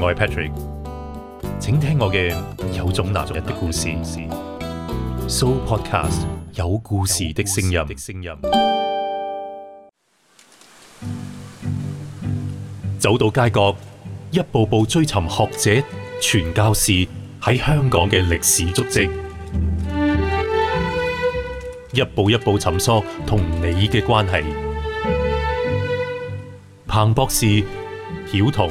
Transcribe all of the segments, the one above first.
我係 Patrick，請聽我嘅有種男人的故事。So Podcast 有故事的聲音。的聲音走到街角，一步步追尋學者、傳教士喺香港嘅歷史足跡，一步一步尋索同你嘅關係。彭博士，曉彤。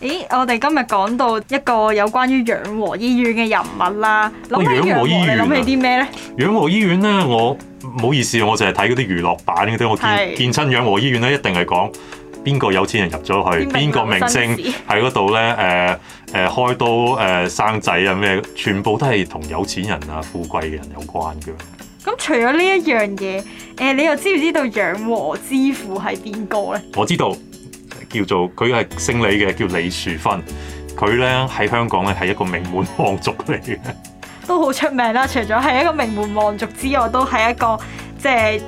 誒，我哋今日講到一個有關於養和醫院嘅人物啦。諗起養和醫院，啊，諗起啲咩咧？養和醫院咧，我唔好意思，我淨係睇嗰啲娛樂版嗰啲，我見是見親養和醫院咧，一定係講邊個有錢人入咗去，邊個明星喺嗰度咧，誒、呃、誒、呃、開刀誒、呃、生仔啊咩，全部都係同有錢人啊富貴嘅人有關嘅。咁除咗呢一樣嘢，誒、呃，你又知唔知道養和之父係邊個咧？我知道。叫做佢係姓李嘅，叫李樹芬。佢呢喺香港呢係一個名門望族嚟嘅，都好出名啦。除咗係一個名門望族之外，都係一個即係。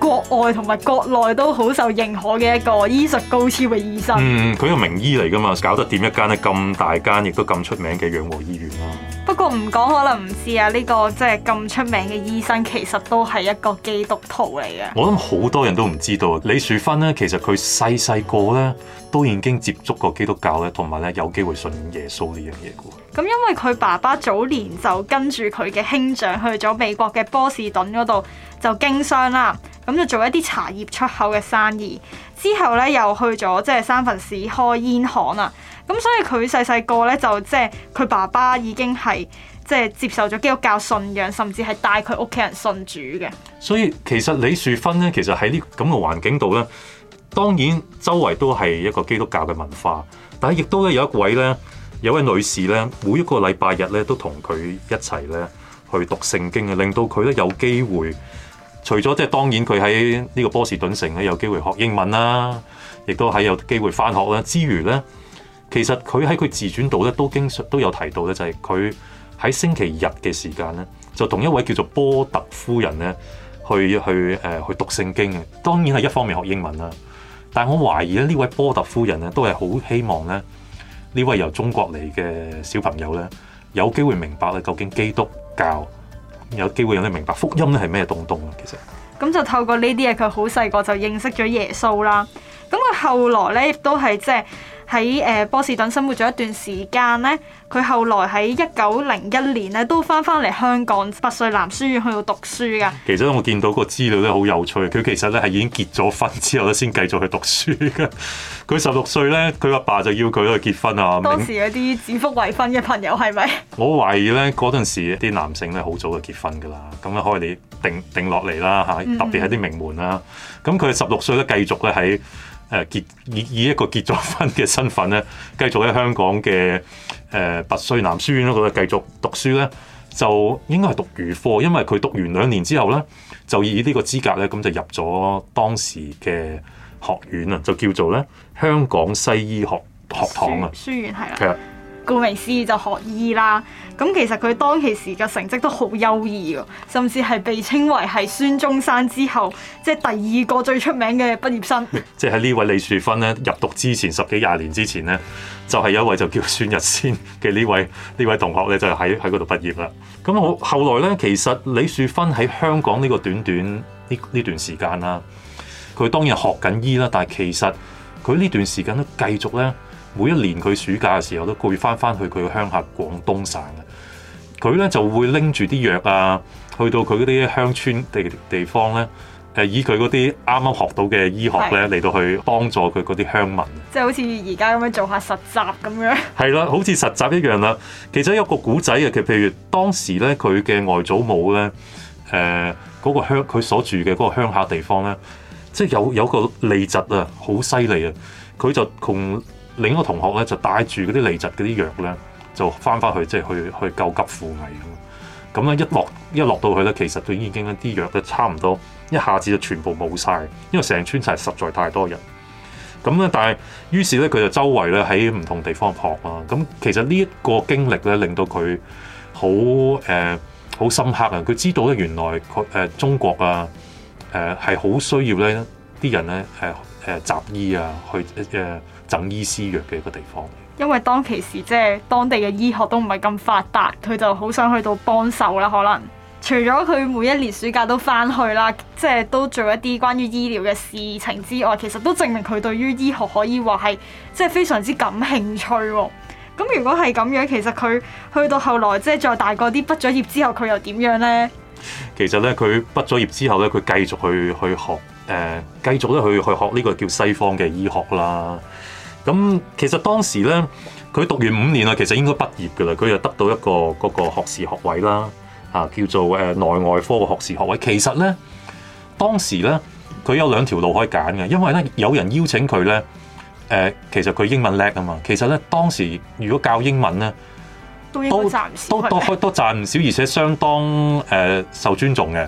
國外同埋國內都好受認可嘅一個醫術高超嘅醫生。嗯，佢個名醫嚟㗎嘛，搞得掂一間咧咁大間，亦都咁出名嘅養和醫院啦，啊。不過唔講可能唔知啊，呢個即係咁出名嘅醫生，其實都係一個基督徒嚟嘅。我諗好多人都唔知道李樹芬咧，其實佢細細個咧都已經接觸過基督教咧，同埋咧有機會信耶穌呢樣嘢嘅。咁因為佢爸爸早年就跟住佢嘅兄長去咗美國嘅波士頓嗰度就經商啦，咁就做一啲茶葉出口嘅生意。之後咧又去咗即係三藩市開煙行啊。咁所以佢細細個咧就即係佢爸爸已經係即係接受咗基督教信仰，甚至係帶佢屋企人信主嘅。所以其實李樹芬咧，其實喺呢咁嘅環境度咧，當然周圍都係一個基督教嘅文化，但係亦都咧有一位咧。有位女士咧，每一個禮拜日咧都同佢一齊咧去讀聖經嘅，令到佢咧有機會，除咗即係當然佢喺呢個波士頓城咧有機會學英文啦，亦都喺有機會返學啦之餘咧，其實佢喺佢自傳度咧都經常都有提到咧，就係佢喺星期日嘅時間咧，就同一位叫做波特夫人咧去去誒、呃、去讀聖經嘅，當然係一方面學英文啦，但係我懷疑咧呢位波特夫人咧都係好希望咧。呢位由中國嚟嘅小朋友咧，有機會明白咧究竟基督教有機會有你明白福音咧係咩東東啊！其實咁就透過呢啲嘢，佢好細個就認識咗耶穌啦。咁佢後來咧亦都係即係。喺誒波士頓生活咗一段時間咧，佢後來喺一九零一年咧都翻翻嚟香港拔萃男書院去度讀書㗎。其實我見到個資料都好有趣，佢其實咧係已經結咗婚之後咧先繼續去讀書㗎。佢十六歲咧，佢阿爸，爸就要佢去結婚啊。當時有啲指腹為婚嘅朋友係咪？是是我懷疑咧嗰陣時啲男性咧好早就結婚㗎啦，咁可以你定定落嚟啦嚇，特別係啲名門啦。咁佢十六歲咧繼續咧喺。誒結以以一個結咗婚嘅身份咧，繼續喺香港嘅誒、呃、拔萃男書院嗰度繼續讀書咧，就應該係讀預科，因為佢讀完兩年之後咧，就以個資呢個資格咧，咁就入咗當時嘅學院啊，就叫做咧香港西醫學學堂啊，書院係啦。顧名思義就學醫啦，咁其實佢當其時嘅成績都好優異，甚至係被稱為係孫中山之後即係、就是、第二個最出名嘅畢業生。即係喺呢位李樹芬咧入讀之前十幾廿年之前咧，就係、是、一位就叫孫逸仙嘅呢位呢位同學咧就喺喺嗰度畢業啦。咁好後來咧其實李樹芬喺香港呢個短短呢呢段時間啦，佢當然學緊醫啦，但係其實佢呢段時間都繼續咧。每一年佢暑假嘅時候，都會翻翻去佢嘅鄉下廣東省嘅佢咧，就會拎住啲藥啊，去到佢嗰啲鄉村地地方咧，係以佢嗰啲啱啱學到嘅醫學咧嚟是到去幫助佢嗰啲鄉民，即係好似而家咁樣做下實習咁樣。係啦， 好似實習一樣啦。其實有一個古仔嘅，其譬如當時咧，佢嘅外祖母咧，誒、呃、嗰、嗰個鄉佢所住嘅嗰個鄉下地方咧，即係有有個痢疾啊，好犀利啊，佢就同，另一個同學咧就帶住嗰啲痢疾嗰啲藥咧，就返返去即係、就是、去去救急扶危咁。咁咧一落一落到去咧，其實佢已經咧啲藥都差唔多，一下子就全部冇晒，因為成村齊實在太多人。咁咧，但係於是咧佢就周圍咧喺唔同地方學啊。咁其實呢一個經歷咧令到佢好誒好深刻啊！佢知道咧原來佢誒、呃、中國啊誒係好需要咧啲人咧誒誒習醫啊去誒。呃呃整醫施藥嘅一個地方，因為當其時即係當地嘅醫學都唔係咁發達，佢就好想去到幫手啦。可能除咗佢每一年暑假都翻去啦，即係都做一啲關於醫療嘅事情之外，其實都證明佢對於醫學可以話係即係非常之感興趣，哦。咁如果係咁樣，其實佢去到後來即係再大個啲，畢咗業之後佢又點樣呢？其實呢，佢畢咗業之後呢，佢繼續去去學誒、呃，繼續咧去去學呢個叫西方嘅醫學啦。咁、嗯、其實當時咧，佢讀完五年喇，其實應該畢業㗎啦。佢又得到一個嗰個學士學位啦，嚇、啊、叫做誒內、呃、外科嘅學士學位。其實咧，當時咧，佢有兩條路可以揀嘅，因為咧有人邀請佢咧，誒、呃、其實佢英文叻啊嘛。其實咧，當時如果教英文咧，都都都都賺唔少，而且相當誒、呃、受尊重嘅。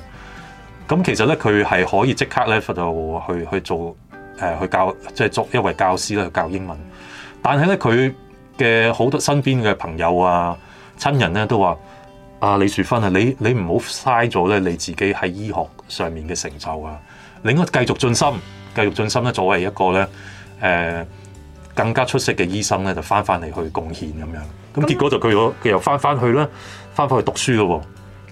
咁、嗯、其實咧，佢係可以即刻咧就去去，去做。誒去教即係作一位教師咧去教英文，但係咧佢嘅好多身邊嘅朋友啊、親人咧都話：啊李樹芬啊，你你唔好嘥咗咧你自己喺醫學上面嘅成就啊，你應該繼續進心，繼續進心咧作為一個咧誒、呃、更加出色嘅醫生咧就翻翻嚟去貢獻咁樣，咁結果就佢又佢又翻翻去啦，翻返去讀書咯喎、哦。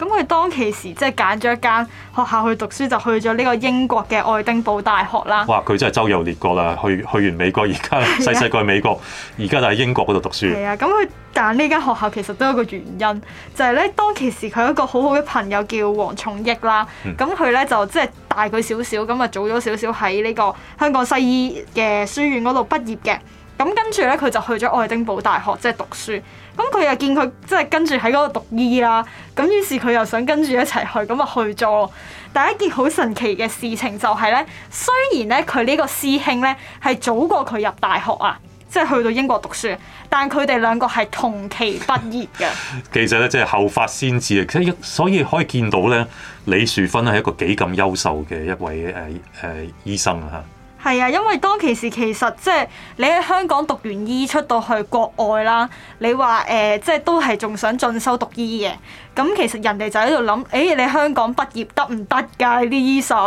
咁佢當其時即係揀咗一間學校去讀書，就去咗呢個英國嘅愛丁堡大學啦。哇！佢真係周遊列國啦，去去完美國，而家細細個去美國，而家就喺英國嗰度讀書。係啊，咁佢揀呢間學校其實都有個原因，就係咧當其時佢有一個好好嘅朋友叫黃重益啦。咁佢咧就即係大佢少少，咁啊早咗少少喺呢個香港西醫嘅書院嗰度畢業嘅。咁跟住咧佢就去咗愛丁堡大學即係讀書。咁佢又見佢即係跟住喺嗰度讀醫啦，啊，咁於是佢又想跟住一齊去，咁就去咗。但係一件好神奇嘅事情就係咧，雖然咧佢呢個師兄咧係早過佢入大學啊，即係去到英國讀書，但佢哋兩個係同期畢業嘅。 其實咧，即、就、係、是、後發先至啊！其實所以可以見到咧，李樹芬咧係一個幾咁優秀嘅一位誒誒、呃呃、醫生啊！係啊，因為當其時其實即係你喺香港讀完醫出到去國外啦，你話誒、呃、即係都係仲想進修讀醫嘅，咁其實人哋就喺度諗，誒、欸、你香港畢業得唔得㗎呢啲醫生？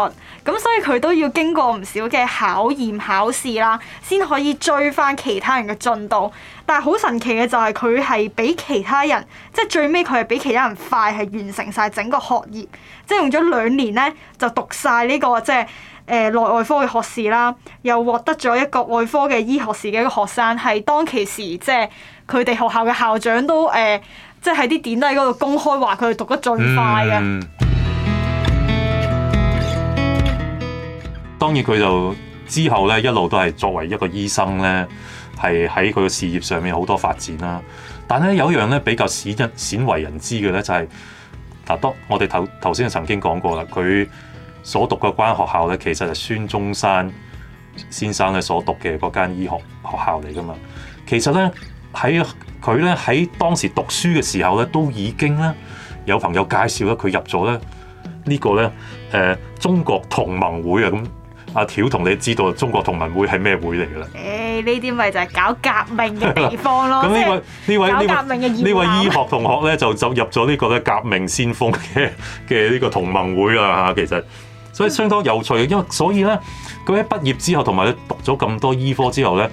咁所以佢都要經過唔少嘅考驗考試啦，先可以追翻其他人嘅進度。但係好神奇嘅就係佢係比其他人，即係最尾佢係比其他人快，係完成晒整個學業，即係用咗兩年咧就讀晒呢、呢個即係。誒內外科嘅學士啦，又獲得咗一個外科嘅醫學士嘅一個學生，係當其時即係佢哋學校嘅校長都誒，即係喺啲典禮嗰度公開話佢讀得最快嘅。當然佢就之後咧一路都係作為一個醫生咧，係喺佢嘅事業上面好多發展啦、啊。但咧有一樣咧比較鮮為鮮為人知嘅咧就係、是，嗱、啊、當我哋頭頭先就曾經講過啦，佢。所讀嘅關學校咧，其實係孫中山先生咧所讀嘅嗰間醫學學校嚟㗎嘛。其實咧喺佢咧喺當時讀書嘅時候咧，都已經咧有朋友介紹咧佢入咗咧呢、這個咧誒、呃、中國同盟會啊。咁阿條同你知道中國同盟會係咩會嚟㗎啦？誒呢啲咪就係搞革命嘅地方咯。咁呢 位呢位呢位，位， 位醫學同學咧就就入咗呢個咧革命先鋒嘅嘅呢個同盟會啊。嚇。其實所以相當有趣嘅，因為所以咧，佢喺畢業之後，同埋佢讀咗咁多醫科之後咧，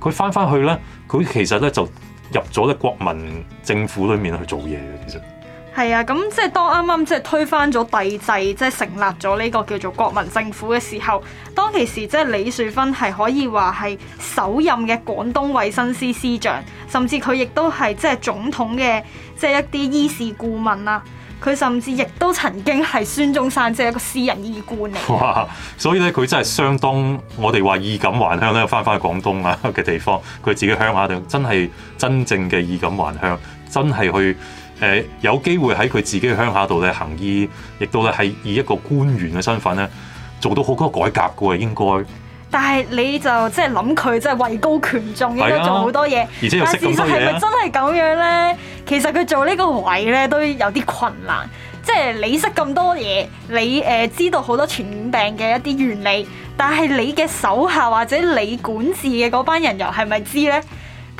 佢翻翻去咧，佢其實咧就入咗咧國民政府裏面去做嘢嘅。其實係啊，咁即係當啱啱即係推翻咗帝制，即係成立咗呢個叫做國民政府嘅時候，當其時即係李樹芬係可以話係首任嘅廣東衛生司司長，甚至佢亦都係即係總統嘅即係一啲醫事顧問啊。佢甚至亦都曾經係孫中山即係一個私人醫官嚟，哇！所以咧，佢真係相當、嗯、我哋話衣錦還鄉咧，返返去廣東啊嘅地方，佢自己鄉下度真係真正嘅衣錦還鄉，真係去誒、呃、有機會喺佢自己嘅鄉下度咧行醫，亦都咧係以一個官員嘅身份咧做到好多改革嘅應該。但係你就即係諗佢即係位高權重，應該、啊、做好多嘢，而且又識咁多嘢啦。但係事實係咪真係咁樣咧？其實佢做呢個位咧都有啲困難，即係你識咁多嘢，你誒、呃、知道好多傳染病嘅一啲原理，但係你嘅手下或者你管治嘅嗰班人又係咪知呢？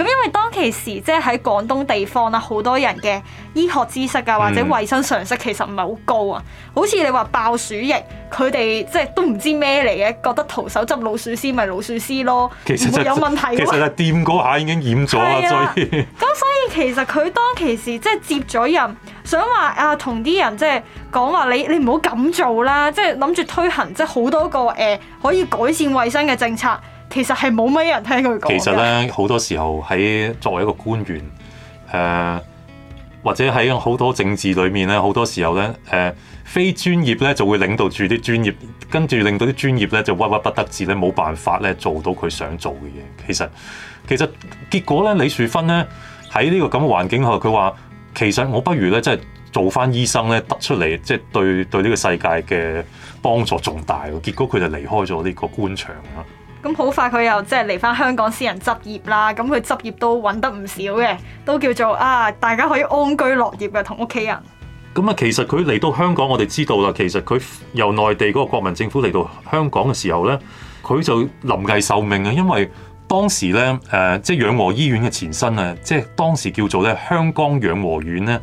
咁因為當其時即係喺廣東地方啦，好多人嘅醫學知識啊或者衞生常識其實唔係好高啊。嗯、好似你話爆鼠疫，佢哋即係都唔知咩嚟嘅，覺得徒手執老鼠屍咪老鼠屍咯，唔會有問題㗎、啊。其實係掂嗰下已經染咗啦，的所以咁所以其實佢當其時即係接咗人，想話啊同啲人即係講話你你唔好咁做啦，即係諗住推行即係好多個誒、呃、可以改善衞生嘅政策。其實係冇乜人聽佢講。其實咧，好多時候喺作為一個官員，誒或者喺好多政治裏面咧，好多時候咧，誒非專業咧就會領導住啲專業，跟住令到啲專業咧就屈屈不得志咧，冇辦法咧做到佢想做嘅嘢。其實其實結果咧，李樹芬咧喺呢個咁嘅環境下，佢話其實我不如咧，即係做翻醫生咧，得出嚟即係對對呢個世界嘅幫助重大。結果佢就離開咗呢個官場啦。咁好快佢又即係嚟翻香港私人執業啦。咁佢執業都揾得唔少嘅，都叫做啊，大家可以安居樂業嘅同屋企人。咁啊、嗯，其實佢嚟到香港，我哋知道啦。其實佢由內地嗰個國民政府嚟到香港嘅時候咧，佢就臨危受命啊。因為當時咧，誒、呃、即係養和醫院嘅前身啊，即係當時叫做咧香港養和院咧，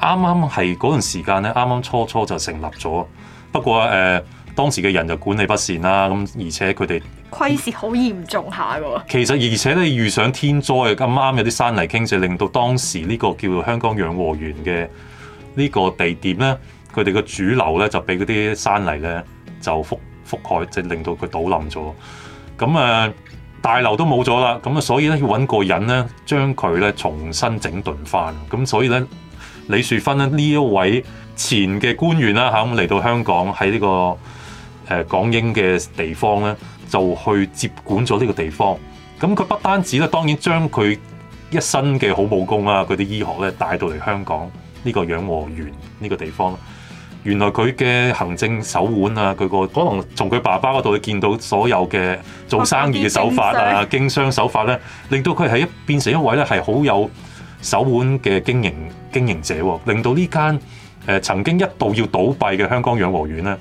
啱啱係嗰段時間咧，啱啱初初就成立咗。不過誒、呃，當時嘅人就管理不善啦，咁、嗯、而且佢哋。虧蝕好嚴重下㗎、啊、喎，其實而且咧遇上天災，咁啱有啲山泥傾瀉，令到當時呢個叫做香港養和園嘅呢個地點咧，佢哋嘅主樓咧就俾嗰啲山泥咧就覆覆蓋，即係令到佢倒冧咗。咁啊、呃、大樓都冇咗啦，咁啊所以咧要揾個人咧將佢咧重新整頓翻。咁所以咧李樹芬咧呢一位前嘅官員啦嚇咁嚟到香港喺呢、這個誒、呃、港英嘅地方咧。就去接管咗呢個地方，咁佢不單止咧，當然將佢一身嘅好武功啊，佢啲醫學咧帶到嚟香港呢個養和院呢個地方。原來，佢嘅行政手腕啊，佢個可能從佢爸爸嗰度見到所有嘅做生意嘅手法啊，經，經商手法咧，令到佢係一變成一位咧係好有手腕嘅經營經營者，哦，令到呢間誒、呃、曾經一度要倒閉嘅香港養和院咧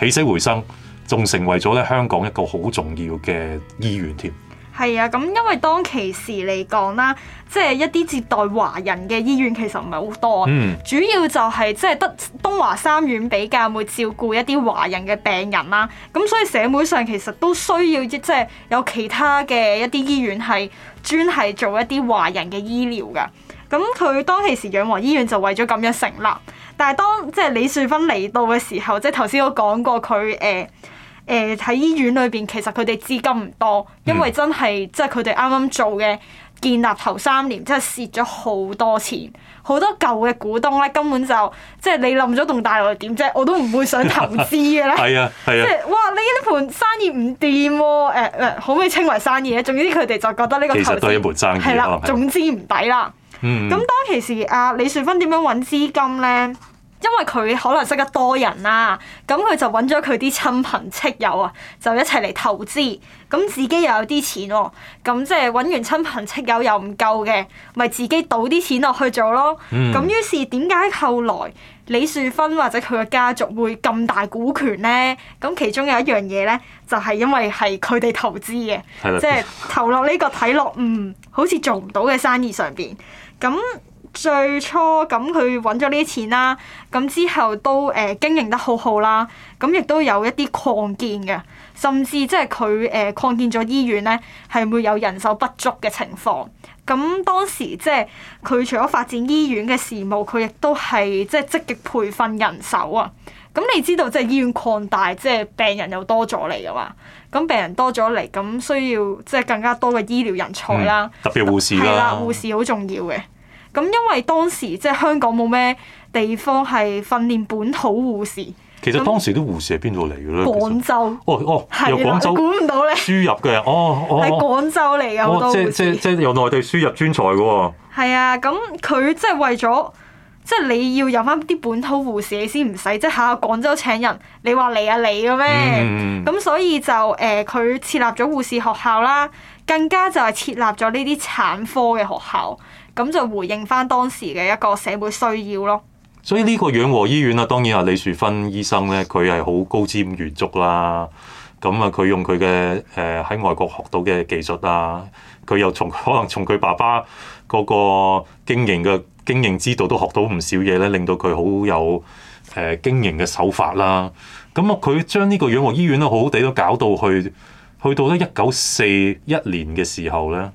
起死回生。仲成為咗咧香港一個好重要嘅醫院添，係啊，咁因為當其時嚟講啦，即係一啲接待華人嘅醫院其實唔係好多，嗯，主要就係即係得東華三院比較會照顧一啲華人嘅病人啦，咁所以社會上其實都需要即係有其他嘅一啲醫院係專係做一啲華人嘅醫療㗎。咁佢當其時，養和醫院就為咗咁樣成立。但係當即係李樹芬嚟到嘅時候，即係頭先我講過佢誒誒喺醫院裏邊，其實佢哋資金唔多，因為真係即係佢哋啱啱做嘅建立頭三年，即係蝕咗好多錢。好多舊嘅股東咧，根本就即係你冧咗棟大樓又點啫，我都唔會想投資嘅咧。係啊係啊，啊即係哇！你呢盤生意唔掂喎，誒、呃、可唔可以稱為生意咧？總之佢哋就覺得呢個投資其實對啦。能總之唔抵啦。咁、mm hmm. 當其時啊，李樹芬點樣揾資金咧？因為佢可能識得多人啦、啊，咁佢就揾咗佢啲親朋戚友啊，就一齊嚟投資。咁自己又有啲錢、哦，咁即係揾完親朋戚友又唔夠嘅，咪自己賭啲錢落去做咯。咁、mm hmm. 於是點解後來李樹芬或者佢嘅家族會咁大股權咧？咁其中有一樣嘢咧，就係、是、因為係佢哋投資嘅，的即係投落呢、這個睇落嗯好似做唔到嘅生意上邊。咁最初咁佢揾咗呢啲錢啦，咁之後都誒經營得好好啦，咁亦都有一啲擴建嘅，甚至即係佢誒擴建咗醫院呢，係會有人手不足嘅情況。咁當時即係佢除咗發展醫院嘅事務，佢亦都係即係積極培訓人手啊。咁你知道即係醫院擴大，即係病人又多咗嚟噶嘛？咁病人多咗嚟，咁需要即係更加多嘅醫療人才啦，特別護士啦，嗯、護士好重要嘅。咁因為當時即係香港冇咩地方係訓練本土護士。其實當時啲護士係邊度嚟嘅咧？廣州哦哦、廣州的哦。哦 廣州哦，係啊，估唔到咧。輸入嘅，哦哦。係廣州嚟嘅好多護士哦，即即即係由內地輸入專才嘅喎、哦。係啊，咁、嗯、佢即係為咗。即係你要有翻啲本土護士，你先唔使即係下下廣州請人。你話你啊你嘅咩？咁、嗯、所以就誒佢、呃、設立咗護士學校啦，更加就係設立咗呢啲產科嘅學校，咁就回應翻當時嘅一個社會需要咯。所以呢個養和醫院啊，當然係、啊、李樹芬醫生咧，佢係好高瞻遠矚啦。咁啊，佢用佢嘅誒喺外國學到嘅技術啊，佢又從可能從佢爸爸。嗰個經營嘅經營之道都學到唔少嘢咧，令到佢好有誒、呃、經營嘅手法啦。咁啊，佢將呢個養和醫院都好好地都搞到去，去到咗一九四一年嘅時候咧，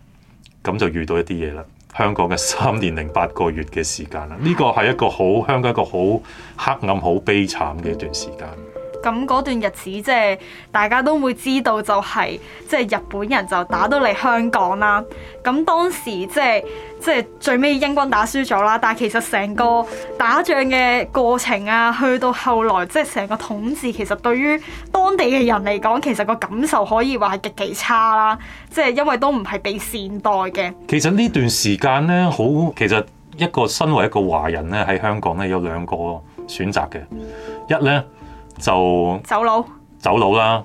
咁就遇到一啲嘢啦。香港嘅三年零八個月嘅時間啦，呢個係一個好香港一個好黑暗、好悲慘嘅一段時間。咁嗰段日子即係、就係、大家都會知道、就係，就係即係日本人就打到嚟香港啦。咁當時即係即係最尾英軍打輸咗啦。但係其實成個打仗嘅過程啊，去到後來即係成個統治，其實對於當地嘅人嚟講，其實個感受可以話係極其差啦、啊。即、就、係、係、因為都唔係被善待嘅。其實呢段時間呢，好其實一個身為一個華人呢，喺香港呢，有兩個選擇嘅，一呢，就走佬，走佬啦。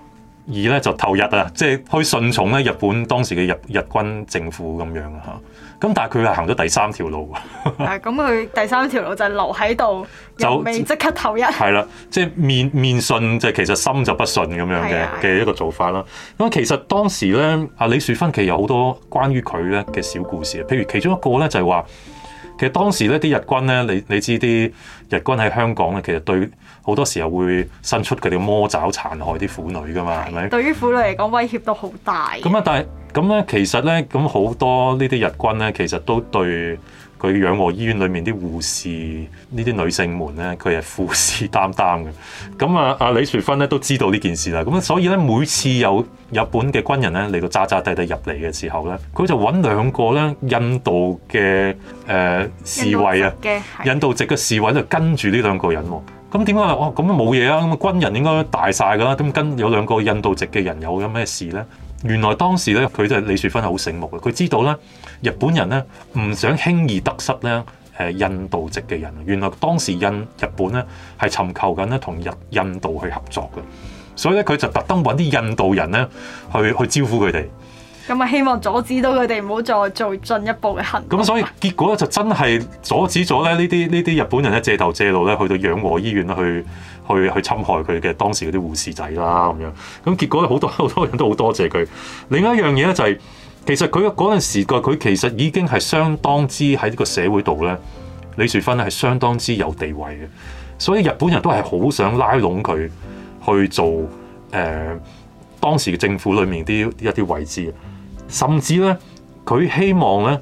二咧就投日啊，即係去順從咧日本當時嘅日日軍政府咁樣啊。咁但係佢係行咗第三條路啊。咁、嗯，佢第三條路就係留喺度，就未即刻投日。係啦、嗯，即係面面順，即就其實心就不順咁樣嘅嘅一個做法啦。因其實當時咧，阿李樹芬其有好多關於佢咧嘅小故事。譬如其中一個咧就係、是、話。其實當時呢啲日軍呢，你你知啲日軍喺香港咧，其實對好多時候會伸出佢哋魔爪殘害啲婦女噶嘛，係咪的？吧對於婦女嚟講威脅都好大。咁啊，但係咁咧，其實呢，咁好多呢啲日軍呢，其實都對。佢養和醫院裏面啲護士呢啲女性們咧，佢係虎視眈眈嘅。咁啊啊李雪芬咧都知道呢件事啦。咁所以咧每次有日本嘅軍人咧嚟到喳喳地地地入嚟嘅時候咧，佢就揾兩個咧印度嘅誒侍衛啊，印度、呃侍衛啊、印度籍嘅侍衛就跟住呢兩個人喎、啊。咁點解？哦，咁冇嘢啊。咁軍人應該大晒㗎啦。咁跟有兩個印度籍嘅人有咩事咧？原來當時咧，佢都係李雪芬係好醒目嘅。佢知道咧，日本人咧唔想輕易得失咧，誒、呃、印度籍嘅人。原來當時印日本咧係尋求緊咧同日印度去合作嘅，所以咧佢就特登揾啲印度人咧去去招呼佢哋。咁啊，希望阻止到佢哋唔好再做進一步嘅行動。咁所以結果咧 就真係阻止咗咧呢啲呢啲日本人咧借頭借路咧去到養和醫院去。去去侵害佢嘅，當時嗰啲護士仔啦，咁樣，咁結果咧好多好多人都好多謝佢。另一樣嘢咧就係、是、其實佢嗰陣時個佢其實已經係相當之喺呢個社會度咧，李樹芬咧係相當之有地位嘅，所以日本人都係好想拉攏佢去做誒、呃、當時嘅政府裏面啲一啲位置，甚至咧佢希望咧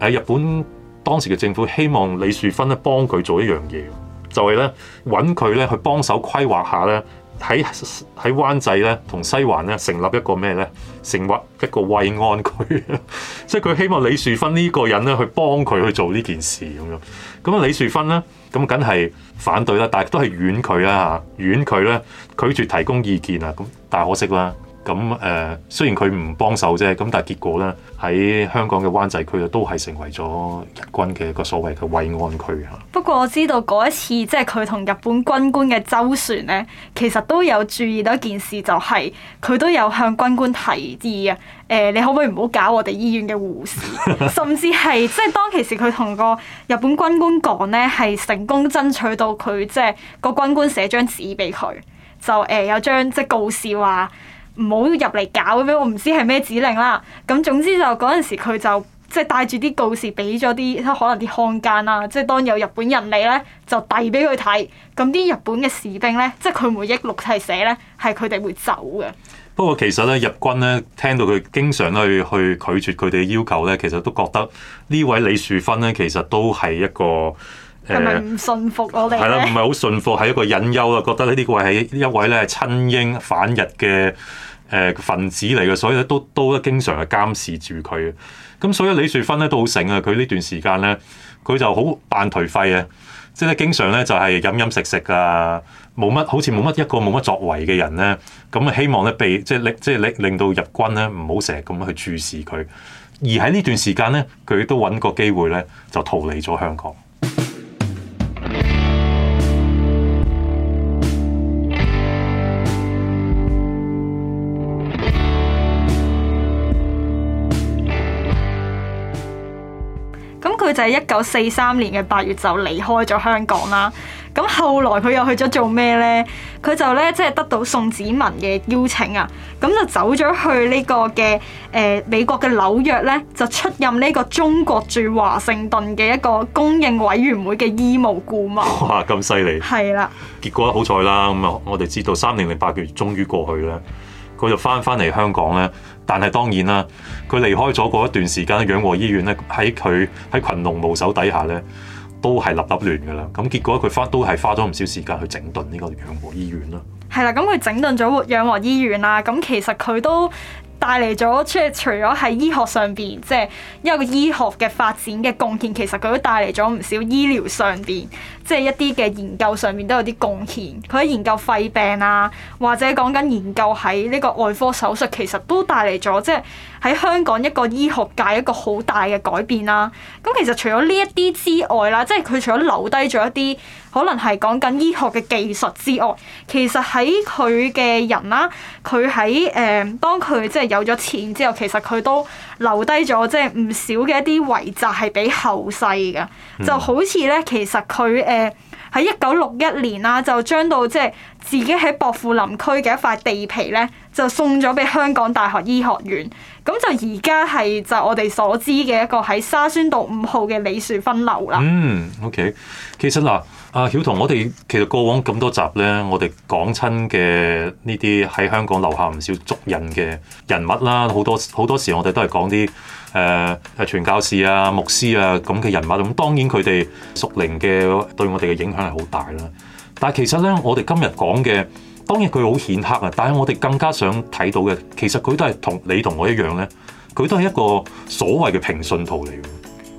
誒日本當時嘅政府希望李樹芬咧幫佢做一樣嘢。就係咧揾佢咧去幫手規劃下咧喺喺灣仔咧同西環咧成立一個咩咧成立一個慰安區， 即係佢希望李樹芬呢個人咧去幫佢去做呢件事咁樣。咁啊李樹芬咧咁梗係反對啦，但係都係婉拒啦，嚇，婉拒咧拒絕提供意見啊，咁但係可惜啦。咁誒、嗯，雖然佢唔幫手啫，咁但係結果咧喺香港嘅灣仔區啊，都係成為咗日軍嘅一個所謂嘅慰安區啊。不過我知道嗰一次即係佢同日本軍官嘅周旋咧，其實都有注意到一件事、就係，就係佢都有向軍官提議啊。誒、呃，你可唔可以唔好搞我哋醫院嘅護士， 甚至係即係當其時佢同個日本軍官講咧，係成功爭取到佢即係個軍官寫張紙俾佢，就誒、呃、有張即係、就係、告示話，唔好入嚟搞咁樣，我唔知係咩指令啦。咁總之就嗰陣時佢就即係、就是、帶住啲告示，俾咗啲可能啲漢奸啦、啊，即、就、係、是、當有日本人嚟咧，就遞俾佢睇。咁啲日本嘅士兵咧，即係佢回憶錄係寫咧，係佢哋會走嘅。不過其實咧，日軍咧，聽到佢經常去去拒絕佢哋要求咧，其實都覺得呢位李樹芬咧，其實都係一個。係咪唔信服我哋咧？係啦，唔係好信服，係一個隱憂啊，覺得呢呢位係一位咧親英反日嘅誒分子嚟嘅，所以咧都都經常係監視住佢。咁所以李樹芬咧都好醒啊。佢呢段時間咧，佢就好扮頹廢啊，即係經常咧就係飲飲食食啊，冇乜好似冇乜一個冇乜作為嘅人咧。咁啊，希望咧被即係即係令到日軍咧唔好成日咁去注視佢。而喺呢段時間咧，佢都揾個機會咧就逃離咗香港。咁佢就係一九四三年嘅八月就離開咗香港啦。咁後來佢又去咗做咩呢？佢就咧即係得到宋子文嘅邀請啊，咁就走咗去呢個嘅誒、呃、美國嘅紐約呢，就出任呢個中國駐華盛頓嘅一個供應委員會嘅醫務顧問。哇！咁犀利。係啦的。結果好彩啦，咁啊，我哋知道三年零八個月終於過去啦，佢就翻翻嚟香港咧。但係當然啦，佢離開咗嗰一段時間，養和醫院咧喺佢喺群龍無首底下咧。都係立立亂㗎啦，咁結果佢花都係花咗唔少時間去整頓呢個養和醫院啦。係啦，咁佢整頓咗養和醫院啦，咁其實佢都帶嚟咗，即係除咗喺醫學上邊，即係一個醫學嘅發展嘅貢獻，其實佢都帶嚟咗唔少醫療上邊。即係一啲嘅研究上面都有啲貢獻，佢喺研究肺病啊，或者講緊研究喺呢個外科手術，其實都帶嚟咗即係喺香港一個醫學界一個好大嘅改變啦、啊。咁其實除咗呢一啲之外啦，即係佢除咗留低咗一啲可能係講緊醫學嘅技術之外，其實喺佢嘅人啦、啊，佢喺誒當佢即係有咗錢之後，其實佢都留低咗即係唔少嘅一啲遺澤係俾後世嘅，就好似咧其實佢誒。嗯誒喺一九六一年啦、啊，就將到即係自己喺薄扶林區嘅一塊地皮咧，就送咗俾香港大學醫學院。咁就而家係就是我哋所知嘅一個喺沙宣道五號嘅李樹芬樓啦。嗯，OK，其實嗱，阿、啊、曉彤，我哋其實過往咁多集咧，我哋講親嘅呢啲喺香港留下唔少足印嘅人物啦，好多好多時我哋都係講啲。誒誒，傳、呃、教士啊、牧師啊咁嘅人物咁、嗯，當然佢哋屬靈嘅對我哋嘅影響係好大啦。但係其實咧，我哋今日講嘅，當然佢好顯赫啊，但係我哋更加想睇到嘅，其實佢都係同你同我一樣咧，佢都係一個所謂嘅平信徒嚟嘅。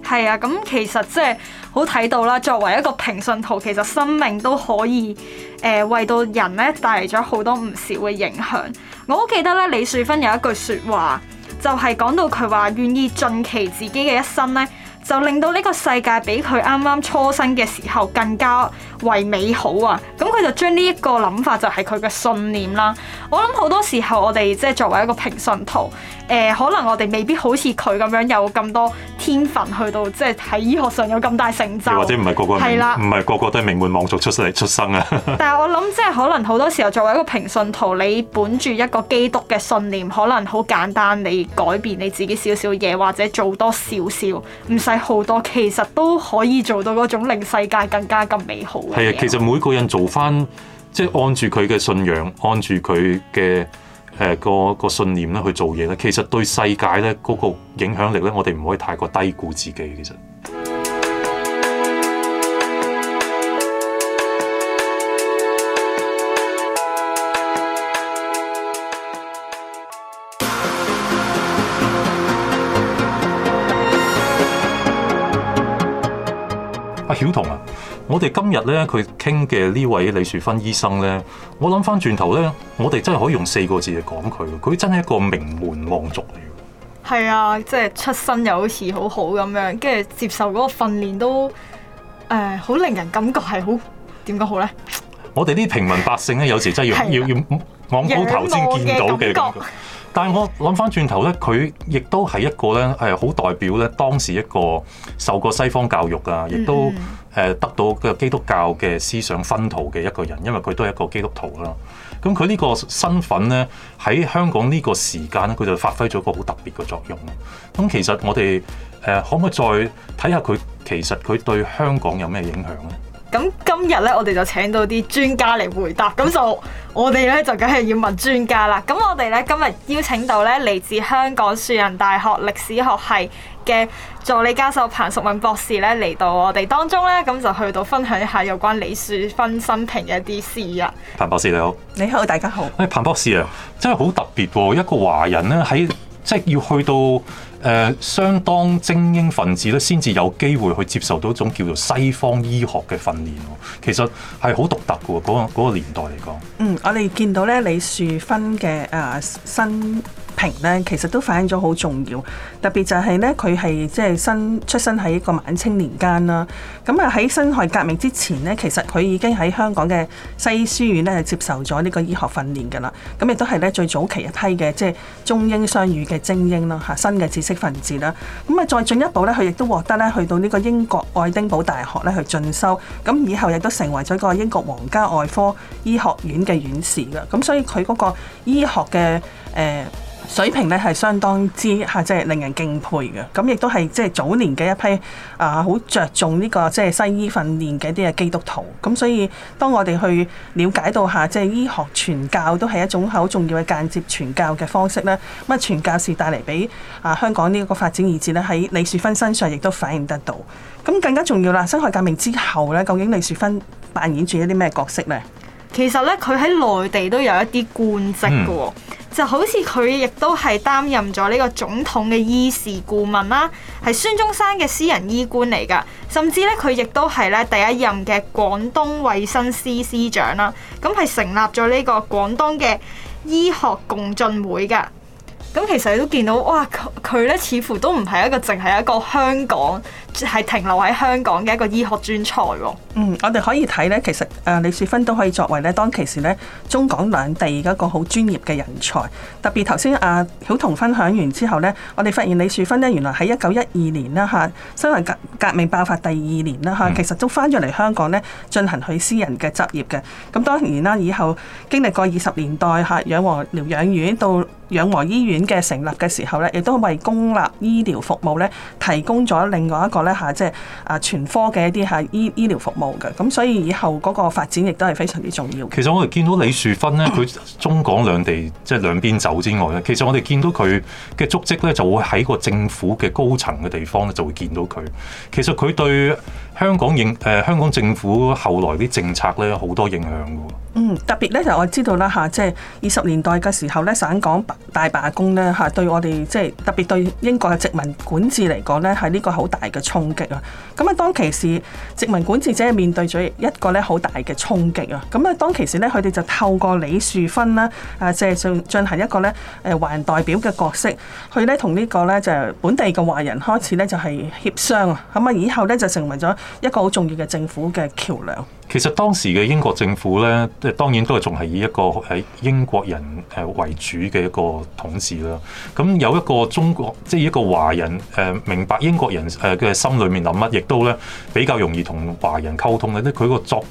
係啊，咁、嗯、其實即、就、係、是、好睇到啦。作為一個平信徒，其實生命都可以誒、呃、為到人咧帶嚟咗好多唔少嘅影響。我好記得咧，李樹芬有一句説話。就係講到佢話願意盡其自己嘅一生呢，就令到呢個世界比佢啱啱初生嘅時候更加為美好啊！咁佢就將呢一個諗法就係佢嘅信念啦。我諗好多時候我哋即係作為一個平信徒，誒、呃，可能我哋未必好似佢咁樣有咁多。天分去到即係喺醫學上有咁大成就，或者唔係個個,個，係啦的，唔係個個都係名門望族出嚟出生啊。 但係我諗即係可能好多時候作為一個平信徒，你本住一個基督嘅信念，可能好簡單，你改變你自己少少嘢，或者做多少少，唔使好多，其實都可以做到嗰種令世界更加咁美好。係啊，其實每個人做翻即係按住佢嘅信仰，按住佢嘅。誒、呃、個個信念咧去做嘢咧，其實對世界咧嗰個影響力咧，我哋唔可以太過低估自己其實。阿曉、啊、彤啊！我哋今日咧，佢傾嘅呢位李樹芬醫生咧，我諗翻轉頭咧，我哋真係可以用四個字嚟講佢，佢真係一個名門望族嚟嘅。係啊，即係出身又好似好好咁樣，跟住接受嗰個訓練都誒，好、呃、令人感覺係好點講好咧。我哋啲平民百姓咧，有時真係要、啊、要要仰高頭先見到嘅感覺。感覺但係我諗翻轉頭咧，佢亦都係一個咧，係好代表咧當時一個受過西方教育啊，亦都誒得到個基督教嘅思想薰陶嘅一個人，因為佢都係一個基督徒啦。咁佢呢個身份咧，喺香港呢個時間咧，佢就發揮咗一個好特別嘅作用。咁其實我哋誒、呃、可唔可以再睇下佢其實佢對香港有咩影響咧？咁今日咧，我哋就請到啲專家嚟回答。咁 就我哋咧，就梗係要問專家啦。咁我哋咧今日邀請到咧嚟自香港樹仁大學歷史學系嘅助理教授彭淑敏博士咧嚟到我哋當中咧，咁就去到分享一下有關李樹芬生平嘅一啲事啊。彭博士你好。你好，大家好。誒，彭博士啊，真係好特別，一個華人咧喺。即係要去到誒、呃、相當精英分子咧，先至有機會去接受到一種叫做西方醫學嘅訓練。其實係好獨特嘅喎，嗰個嗰個年代嚟講。嗯，我哋見到咧李樹芬嘅誒新。平咧，其實都反映咗好重要，特別就係咧，佢係即係新出生喺一個晚清年間啦。咁啊，喺辛亥革命之前咧，其實佢已經喺香港嘅西醫書院咧接受咗呢個醫學訓練㗎啦。咁亦都係咧最早期一批嘅即係中英雙語嘅精英啦，嚇新嘅知識分子啦。咁啊，再進一步咧，佢亦都獲得咧去到呢個英國愛丁堡大學咧去進修，咁以後亦都成為咗個英國皇家外科醫學院嘅院士㗎。咁所以佢嗰個醫學嘅誒。呃水平咧係相當之嚇，即、啊、係令人敬佩嘅。咁、啊、亦都係即係早年嘅一批啊，好着重呢、這個即係西醫訓練嘅啲啊基督徒。咁、啊、所以當我哋去了解到下，即係醫學傳教都係一種好重要嘅間接傳教嘅方式咧。咁、啊、傳教士帶嚟俾啊香港呢一個發展意志咧，喺李樹芬身上亦都反映得到。咁、啊、更加重要啦！辛亥革命之後咧，究竟李樹芬扮演住一啲咩角色咧？其實咧，佢喺內地都有一啲官職嘅喎。嗯就好似佢亦都係擔任咗呢個總統嘅醫事顧問啦，係孫中山嘅私人醫官嚟㗎，甚至咧佢亦都係咧第一任嘅廣東衛生司司長啦，咁係成立咗呢個廣東嘅醫學共進會㗎，咁其實你都見到哇，佢佢咧似乎都唔係一個淨係一個香港。係停留喺香港嘅一個醫學專才喎、哦。嗯，我哋可以睇咧，其實誒李樹芬都可以作為咧當其時咧中港兩地嘅一個好專業嘅人才。特別頭先阿曉彤分享完之後咧，我哋發現李樹芬呢，原來喺一九一二年啦嚇，辛亥革革命爆發第二年啦嚇，嗯、其實都翻咗嚟香港咧進行佢私人嘅執業嘅。咁當然啦，以後經歷過二十年代嚇養和療養院到養和醫院嘅成立嘅時候咧，亦都為公立醫療服務咧提供咗另外一個。一下即係啊，全科嘅一啲係醫醫療服務嘅，咁所以以後嗰個發展亦都係非常之重要。其實我哋見到李樹芬咧，佢中港兩地即係兩邊走之外咧，其實我哋見到佢嘅足跡咧，就會喺個政府嘅高層嘅地方咧，就會見到佢。其實佢對香港影誒、呃、香港政府後來啲政策咧，好多影響。嗯，特別咧就我知道啦嚇、啊，即係二十年代嘅時候咧，省港大罷工咧嚇、啊，對我哋即係特別對英國嘅殖民管治嚟講咧，係呢個好大嘅衝擊啊！咁啊，當其時殖民管治者面對咗一個咧好大嘅衝擊啊！咁啊，當其時咧，佢哋就透過李樹芬啦，啊，即係、啊、進進行一個咧誒華人代表嘅角色，去咧同呢個咧就係、本地嘅華人開始咧就係、係、協商啊！咁啊，以後咧就成為咗一個好重要嘅政府嘅橋梁。其實當時嘅英國政府呢，當然都係仲係以一個英國人誒為主嘅一個統治啦。咁有一個中國，即係，就係，一個華人，呃，明白英國人嘅心裏面諗乜，亦都呢比較容易同華人溝通呢。佢個作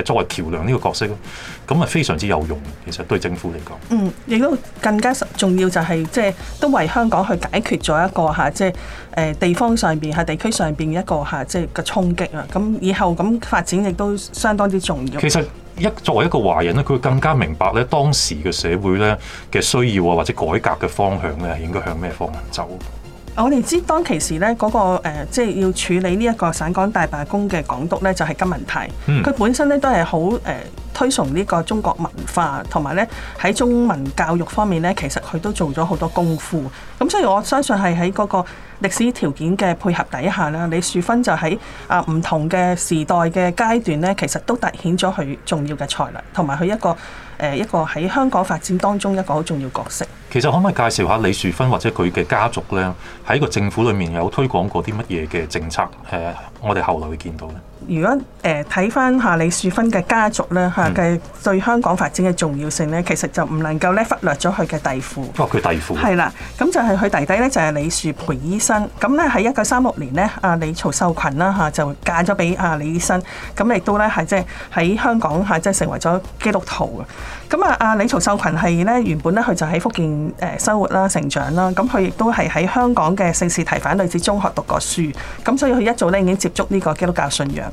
作為橋梁呢個角色咯，咁啊非常之有用。其實對政府嚟講，嗯，亦都更加重要就係、是、即係都為香港去解決咗一個嚇即係誒、呃、地方上邊喺地區上邊一個嚇即係個衝擊啊！咁以後咁發展亦都相當之重要。其實一作為一個華人咧，佢會更加明白咧當時嘅社會咧嘅需要啊，或者改革嘅方向咧，應該向咩方向走？我哋知道當其時咧、那個，嗰、呃、個即係要處理呢一個省港大罷工嘅港督咧，就係、是、金文泰。佢、嗯、本身咧都係好推崇呢個中國文化，同埋咧喺中文教育方面咧，其實佢都做咗好多功夫。咁所以我相信係喺嗰個歷史條件嘅配合底下咧，李樹芬就喺啊唔同嘅時代嘅階段咧，其實都突顯咗佢重要嘅才能，同埋佢一個誒一個喺香港發展當中一個好重要角色。其實可唔可以介紹下李樹芬或者佢嘅家族咧，喺個政府裡面有推廣過啲乜嘢嘅政策？誒、呃，我哋後來會見到咧。如果誒睇翻下李樹芬嘅家族咧嚇，嘅對香港發展嘅重要性咧，其實就唔能夠咧忽略咗佢嘅弟婦。哦，佢弟婦。係啦，咁就係佢弟弟咧，就係李樹培醫生。咁咧喺一九三六年咧，阿李曹秀群啦嚇，就嫁咗俾阿李醫生。咁亦都咧係即係喺香港嚇，即係成為咗基督徒啊！咁啊阿李曹秀群係咧原本咧佢就喺福建誒生活啦成長啦。咁佢亦都係喺香港嘅聖士提反女子中學讀過書。咁所以佢一早咧已經接觸呢個基督教信仰。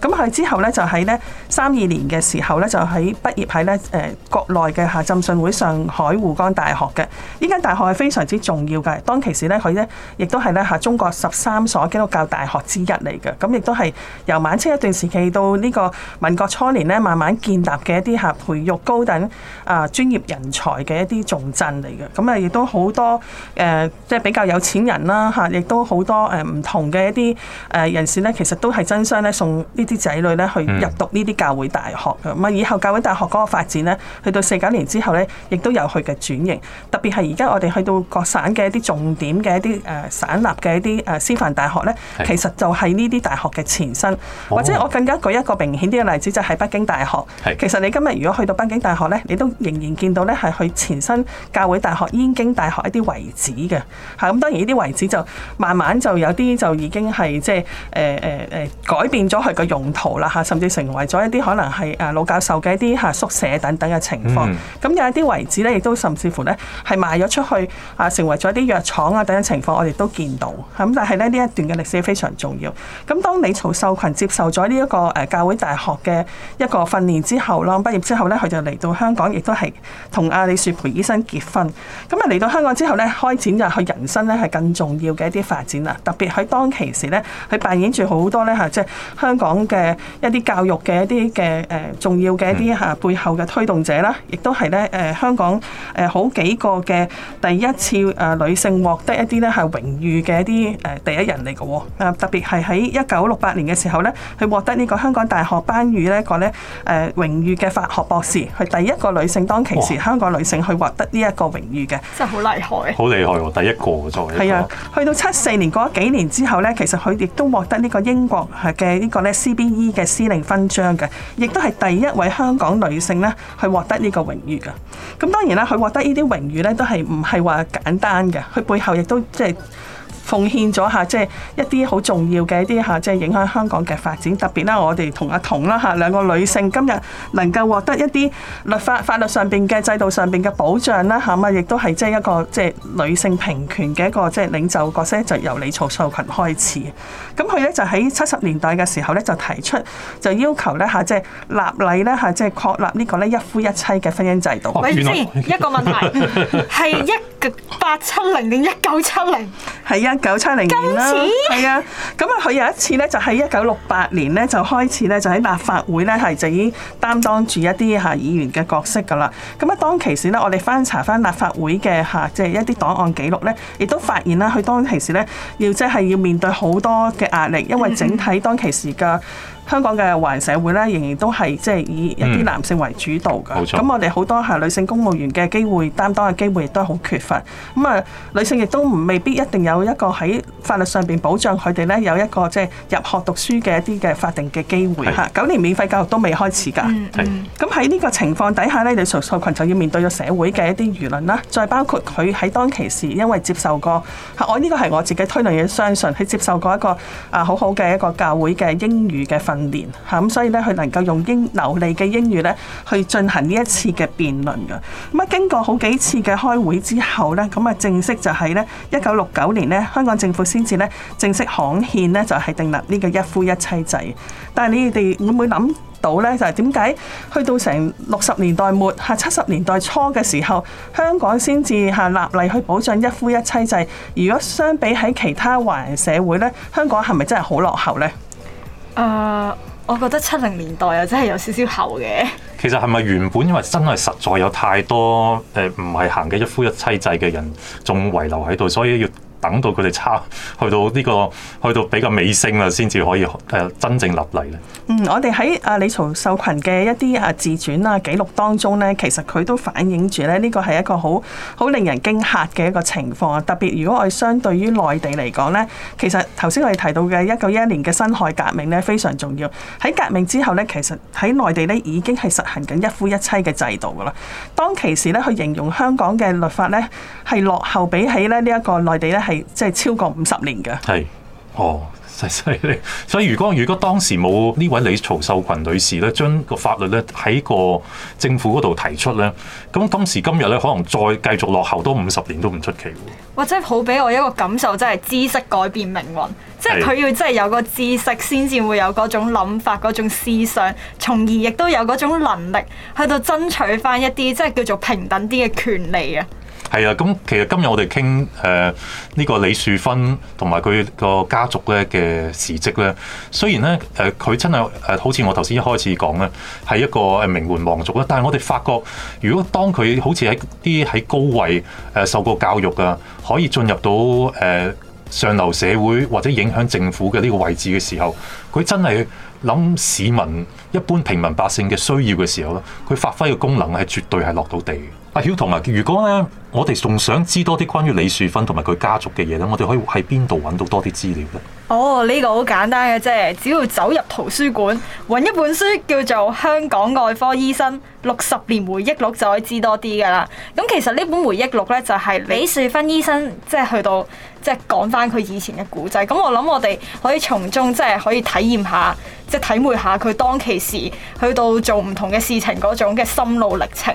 咁佢之後咧就喺咧三二年嘅時候咧就喺畢業喺咧誒國內嘅下浸信會上海滬江大學嘅，呢間大學係非常之重要嘅。當其時咧佢咧亦都係咧嚇中國十三所基督教大學之一嚟嘅，咁亦都係由晚清一段時期到呢個民國初年咧，慢慢建立嘅一啲嚇培育高等啊專業人才嘅一啲重鎮嚟嘅。咁啊亦都好多誒即係比較有錢人啦嚇，亦都好多誒唔同嘅一啲誒人士咧，其實都係爭相送呢啲仔女咧去入讀呢啲教會大學，咁啊、嗯、以後教會大學嗰個發展咧，去到四九年之後咧，亦都有佢嘅轉型。特別係而家我哋去到各省嘅一啲重點嘅一啲誒、呃、省立嘅一啲誒師範大學咧，其實就係呢啲大學嘅前身。哦、或者我更加舉一個明顯啲嘅例子，就係、係、北京大學，哦、其實你今日如果去到北京大學咧，你都仍然見到咧係去前身教會大學燕京大學一啲遺址嘅嚇。咁當然呢啲遺址就慢慢就有啲就已經係即係誒誒誒改變。變咗佢個用途啦嚇，甚至成為咗一啲可能係誒老教授嘅一啲嚇宿舍等等嘅情況。咁、嗯、有一啲遺址咧，亦都甚至乎咧係賣咗出去啊，成為咗一啲藥廠啊等等情況，我哋都見到。咁但係咧呢一段嘅歷史非常重要。咁當李曹秀群接受咗呢一個誒教會大學嘅一個訓練之後啦，畢業之後咧，佢就嚟到香港，亦都係同阿李樹培醫生結婚。咁啊嚟到香港之後咧，開展咗佢人生咧係更重要嘅一啲發展啦。特別喺當其時咧，佢扮演住好多咧嚇即係。香港嘅一啲教育嘅一啲嘅誒重要嘅一啲嚇背後嘅推動者啦，亦都係咧誒香港誒好幾個嘅第一次誒女性獲得一啲咧係榮譽嘅一啲誒第一人嚟嘅喎啊！特別係喺一九六八年嘅時候咧，佢獲得呢個香港大學頒予呢一個咧誒榮譽嘅法學博士，係第一個女性當其時香港女性去獲得呢一個榮譽嘅，真係好厲害！好厲害喎，第一個在係啊！去到七四年過咗幾年之後咧，其實佢亦都獲得呢個英國係嘅。呢個咧 CBE 嘅司令勳章嘅，亦都係第一位香港女性咧去獲得呢個榮譽嘅。咁當然啦，佢獲得呢啲榮譽咧，都係唔係話簡單嘅。佢背後亦都即係。奉獻咗嚇，即係一啲好重要嘅一啲嚇，即係影響香港嘅發展。特別啦，我哋同阿彤啦嚇兩個女性，今日能夠獲得一啲律法法律上邊嘅制度上邊嘅保障啦嚇嘛，亦都係即係一個即係女性平權嘅一個即係領袖角色，就由李曹秀群開始。咁佢咧就喺七十年代嘅時候咧就提出，就要求咧嚇即係立例咧嚇即係確立呢個咧一夫一妻嘅婚姻制度。喂、啊，知 一個問題係一八七零定一九七零？係一九七零年啦，係啊此，咁啊，佢有一次咧，就喺一九六八年咧，就開始咧，就喺立法會咧，係就已擔當住一啲嚇議員嘅角色噶啦。咁啊，當其時咧，我哋翻查翻立法會嘅嚇，即係一啲檔案記錄咧，亦都發現啦，佢當其時咧，要即係要面對好多嘅壓力，因為整體當其時嘅。 香港嘅華人社會咧，仍然都係即係以一啲男性為主導嘅。冇錯。咁我哋好多係女性公務員嘅機會擔當嘅機會亦都係好缺乏。咁啊，女性亦都未必一定有一個喺法律上邊保障佢哋咧，有一個即係入學讀書嘅一啲嘅法定嘅機會。Mm hmm. 九年免費教育都未開始㗎。咁喺呢個情況底下咧，你徐秀群就要面對咗社會嘅一啲輿論啦。再包括佢喺當其時因為接受過，我、啊、呢、這個係我自己推論嘅，相信佢接受過一個啊好好嘅一個教會嘅英語嘅訓。年嚇咁，所以咧佢能夠用英流利嘅英語咧，去進行呢一次嘅辯論嘅。咁啊，經過好幾次嘅開會之後咧，咁啊，正式就喺咧一九六九年咧，香港政府先至咧正式刊憲咧，就係訂立呢個一夫一妻制。但係你哋會唔會諗到咧？就係點解去到成六十年代末、嚇七十年代初嘅時候，香港先至嚇立例去保障一夫一妻制？如果相比喺其他華人社會咧，香港係咪真係好落後咧？誒，uh, 我覺得七零年代又真係有少少後嘅。其實係咪原本因為真係實在有太多誒，呃，唔係行嘅一夫一妻制嘅人，仲遺留喺度，所以要？等到佢哋差去到呢個去到比較尾聲啦，先至可以誒真正立例咧。嗯，我哋喺阿李曹秀群嘅一啲誒自傳啊、記錄當中咧，其實佢都反映住咧呢個係一個好好令人驚嚇嘅一個情況啊。特別如果我哋相對於內地嚟講咧，其實頭先我哋提到嘅一九一一年嘅辛亥革命咧非常重要。喺革命之後咧，其實喺內地咧已經係實行緊一夫一妻嘅制度噶啦。當其時咧，去形容香港嘅律法咧係落後比起咧呢一個內地咧。係即係超過五十年嘅。係，哦，犀利！所以如果如果當時冇呢位李曹秀群女士咧，將個法律咧喺個政府嗰度提出咧，咁當時今日咧，可能再繼續落後多五十年都唔出奇嘅。哇！真係好俾我一個感受，真係知識改變命運。即係佢要真係有個知識，先至會有嗰種諗法、嗰種思想，從而亦都有嗰種能力，喺度爭取翻一啲即係叫做平等啲嘅權利啊！係啊，咁、嗯、其實今日我哋傾誒呢個李樹芬同埋佢個家族咧嘅事蹟咧，雖然咧誒佢真係誒、呃、好似我頭先一開始講咧，係一個誒名門望族啦，但係我哋發覺，如果當佢好似喺啲喺高位誒、呃、受過教育啊，可以進入到誒、呃、上流社會或者影響政府嘅呢個位置嘅時候，佢真係諗市民一般平民百姓嘅需要嘅時候咧，佢發揮嘅功能係絕對係落到地嘅。阿曉彤啊，如果呢，我哋仲想知多啲關於李樹芬同埋佢家族嘅嘢，我哋可以喺邊度揾到多啲資料呢？哦，呢個好簡單嘅啫，只要走入圖書館，揾一本書叫做《香港外科醫生六十年回憶錄》就可以知多啲噶啦。咁其實呢本回憶錄呢，就係李樹芬醫生即係去到即係講翻佢以前嘅古仔。咁我諗我哋可以從中即係可以體驗下，即係體會下佢當其時去到做唔同嘅事情嗰種嘅心路歷程。